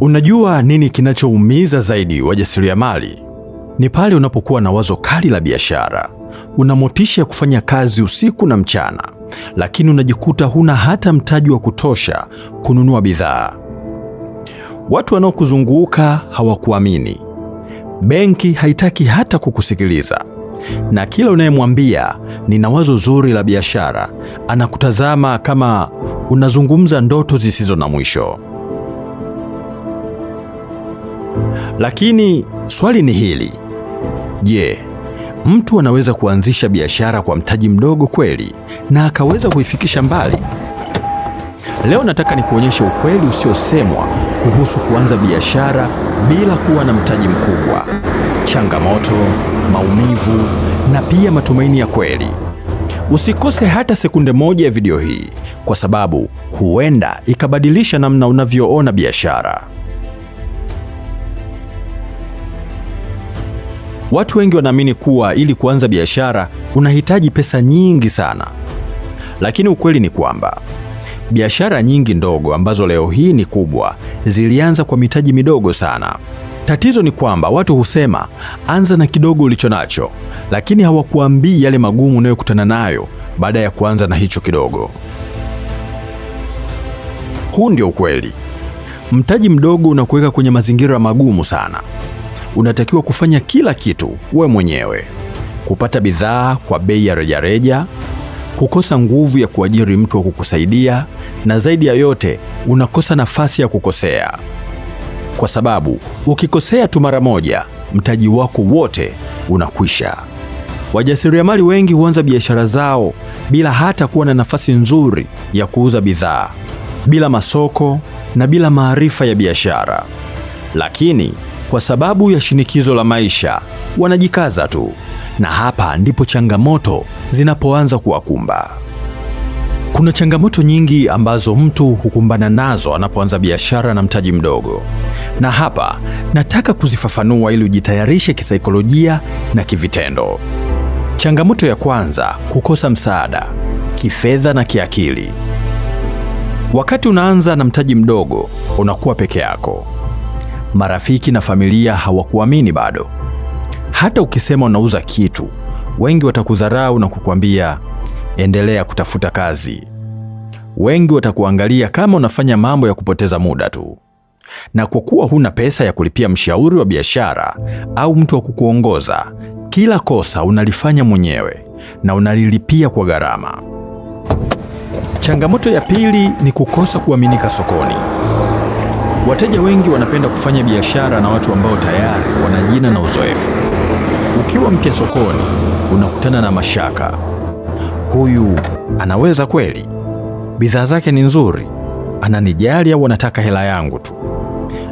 Unajua nini kinachoumiza zaidi wajasiriamali? Ni pale unapokuwa na wazo kali la biashara, una motisha ya kufanya kazi usiku na mchana, lakini unajikuta huna hata mtaji wa kutosha kununua bidhaa. Watu wanaokuzunguka hawakuamini, benki haitaki hata kukusikiliza, na kila unayemwambia nina wazo zuri la biashara, anakutazama kama unazungumza ndoto zisizo na mwisho. Lakini swali ni hili, je, mtu anaweza kuanzisha biashara kwa mtaji mdogo kweli na akaweza kuifikisha mbali? Leo nataka nikuonyeshe ukweli usiosemwa kuhusu kuanza biashara bila kuwa na mtaji mkubwa, changamoto, maumivu na pia matumaini ya kweli. Usikose hata sekunde moja ya video hii kwa sababu huenda ikabadilisha namna unavyoona biashara. Watu wengi wanaamini kuwa ili kuanza biashara unahitaji pesa nyingi sana, lakini ukweli ni kwamba biashara nyingi ndogo ambazo leo hii ni kubwa zilianza kwa mitaji midogo sana. Tatizo ni kwamba watu husema anza na kidogo ulicho nacho, lakini hawakuambii yale magumu unayokutana nayo baada ya kuanza na hicho kidogo. Huu ndio ukweli. Mtaji mdogo unakuweka kwenye mazingira magumu sana unatakiwa kufanya kila kitu we mwenyewe: kupata bidhaa kwa bei ya rejareja, kukosa nguvu ya kuajiri mtu wa kukusaidia, na zaidi ya yote unakosa nafasi ya kukosea, kwa sababu ukikosea tu mara moja, mtaji wako wote unakwisha. Wajasiriamali wengi huanza biashara zao bila hata kuwa na nafasi nzuri ya kuuza bidhaa, bila masoko na bila maarifa ya biashara. Lakini kwa sababu ya shinikizo la maisha wanajikaza tu, na hapa ndipo changamoto zinapoanza kuwakumba. Kuna changamoto nyingi ambazo mtu hukumbana nazo anapoanza biashara na mtaji mdogo, na hapa nataka kuzifafanua ili ujitayarishe kisaikolojia na kivitendo. Changamoto ya kwanza, kukosa msaada kifedha na kiakili. Wakati unaanza na mtaji mdogo, unakuwa peke yako marafiki na familia hawakuamini bado. Hata ukisema unauza kitu, wengi watakudharau na kukwambia endelea kutafuta kazi. Wengi watakuangalia kama unafanya mambo ya kupoteza muda tu, na kwa kuwa huna pesa ya kulipia mshauri wa biashara au mtu wa kukuongoza, kila kosa unalifanya mwenyewe na unalilipia kwa gharama. Changamoto ya pili ni kukosa kuaminika sokoni. Wateja wengi wanapenda kufanya biashara na watu ambao tayari wana jina na uzoefu. Ukiwa mpya sokoni, unakutana na mashaka. Huyu anaweza kweli? Bidhaa zake ni nzuri? Ananijali au anataka hela yangu tu?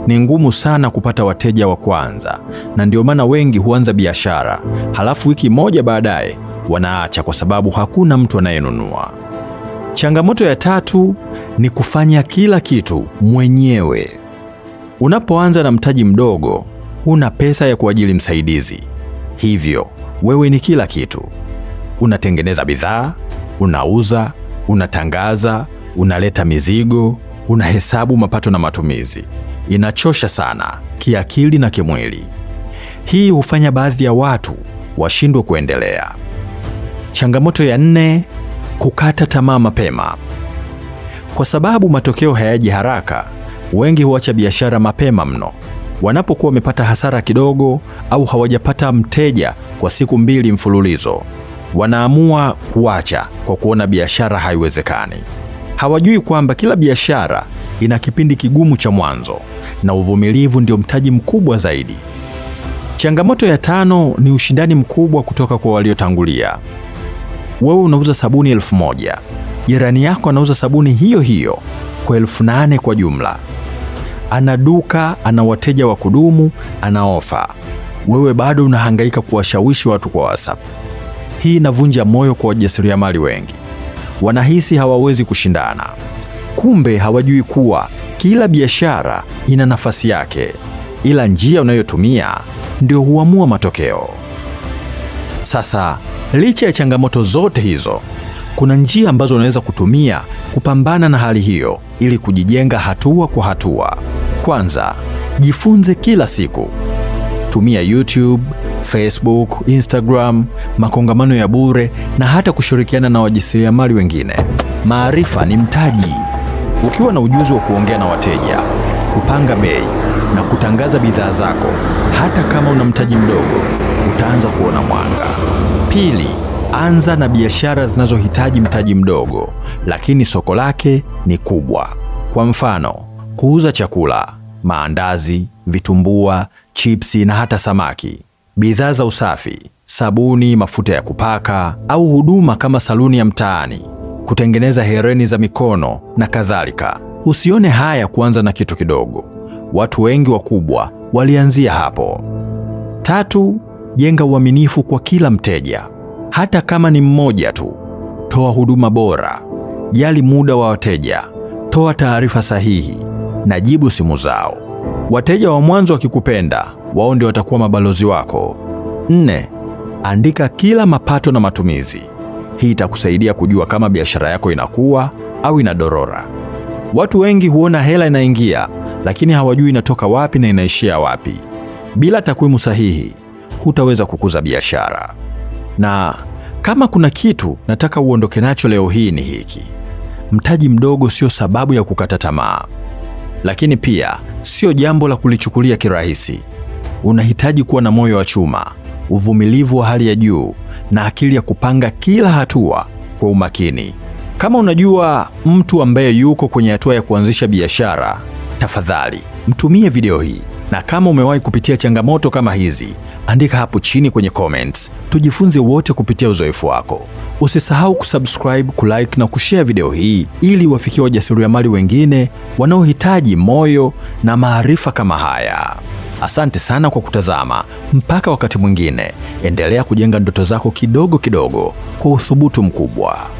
Ni ngumu sana kupata wateja wa kwanza, na ndio maana wengi huanza biashara halafu wiki moja baadaye wanaacha, kwa sababu hakuna mtu anayenunua. Changamoto ya tatu ni kufanya kila kitu mwenyewe. Unapoanza na mtaji mdogo, huna pesa ya kuajili msaidizi, hivyo wewe ni kila kitu. Unatengeneza bidhaa, unauza, unatangaza, unaleta mizigo, unahesabu mapato na matumizi. Inachosha sana kiakili na kimwili. Hii hufanya baadhi ya watu washindwe kuendelea. Changamoto ya nne Kukata tamaa mapema. Kwa sababu matokeo hayaji haraka, wengi huacha biashara mapema mno wanapokuwa wamepata hasara kidogo au hawajapata mteja kwa siku mbili mfululizo. Wanaamua kuacha kwa kuona biashara haiwezekani. Hawajui kwamba kila biashara ina kipindi kigumu cha mwanzo na uvumilivu ndio mtaji mkubwa zaidi. Changamoto ya tano ni ushindani mkubwa kutoka kwa waliotangulia wewe unauza sabuni elfu moja jirani yako anauza sabuni hiyo hiyo kwa elfu nane kwa jumla. Ana duka, ana wateja wa kudumu, ana ofa, wewe bado unahangaika kuwashawishi watu kwa WhatsApp. Hii inavunja moyo kwa wajasiriamali wengi, wanahisi hawawezi kushindana. Kumbe hawajui kuwa kila biashara ina nafasi yake, ila njia unayotumia ndio huamua matokeo. Sasa Licha ya changamoto zote hizo, kuna njia ambazo unaweza kutumia kupambana na hali hiyo ili kujijenga hatua kwa hatua. Kwanza, jifunze kila siku. Tumia YouTube, Facebook, Instagram, makongamano ya bure na hata kushirikiana na wajasiriamali wengine. Maarifa ni mtaji. Ukiwa na ujuzi wa kuongea na wateja, kupanga bei na kutangaza bidhaa zako, hata kama una mtaji mdogo, utaanza kuona mwanga. Pili, anza na biashara zinazohitaji mtaji mdogo lakini soko lake ni kubwa. Kwa mfano, kuuza chakula, maandazi, vitumbua, chipsi na hata samaki, bidhaa za usafi, sabuni, mafuta ya kupaka au huduma kama saluni ya mtaani, kutengeneza hereni za mikono na kadhalika. Usione haya kuanza na kitu kidogo. Watu wengi wakubwa walianzia hapo. Tatu, jenga uaminifu kwa kila mteja, hata kama ni mmoja tu. Toa huduma bora, jali muda wa wateja, toa taarifa sahihi na jibu simu zao. Wateja wa mwanzo wakikupenda, wao ndio watakuwa mabalozi wako. Nne, andika kila mapato na matumizi. Hii itakusaidia kujua kama biashara yako inakuwa au inadorora. Watu wengi huona hela inaingia, lakini hawajui inatoka wapi na inaishia wapi. Bila takwimu sahihi, hutaweza kukuza biashara. Na kama kuna kitu nataka uondoke nacho leo hii ni hiki: mtaji mdogo sio sababu ya kukata tamaa, lakini pia sio jambo la kulichukulia kirahisi. Unahitaji kuwa na moyo wa chuma, uvumilivu wa hali ya juu, na akili ya kupanga kila hatua kwa umakini. Kama unajua mtu ambaye yuko kwenye hatua ya kuanzisha biashara, tafadhali mtumie video hii. Na kama umewahi kupitia changamoto kama hizi, andika hapo chini kwenye comments. Tujifunze wote kupitia uzoefu wako. Usisahau kusubscribe, kulike na kushare video hii ili wafikie wajasiriamali wengine wanaohitaji moyo na maarifa kama haya. Asante sana kwa kutazama. Mpaka wakati mwingine, endelea kujenga ndoto zako kidogo kidogo kwa uthubutu mkubwa.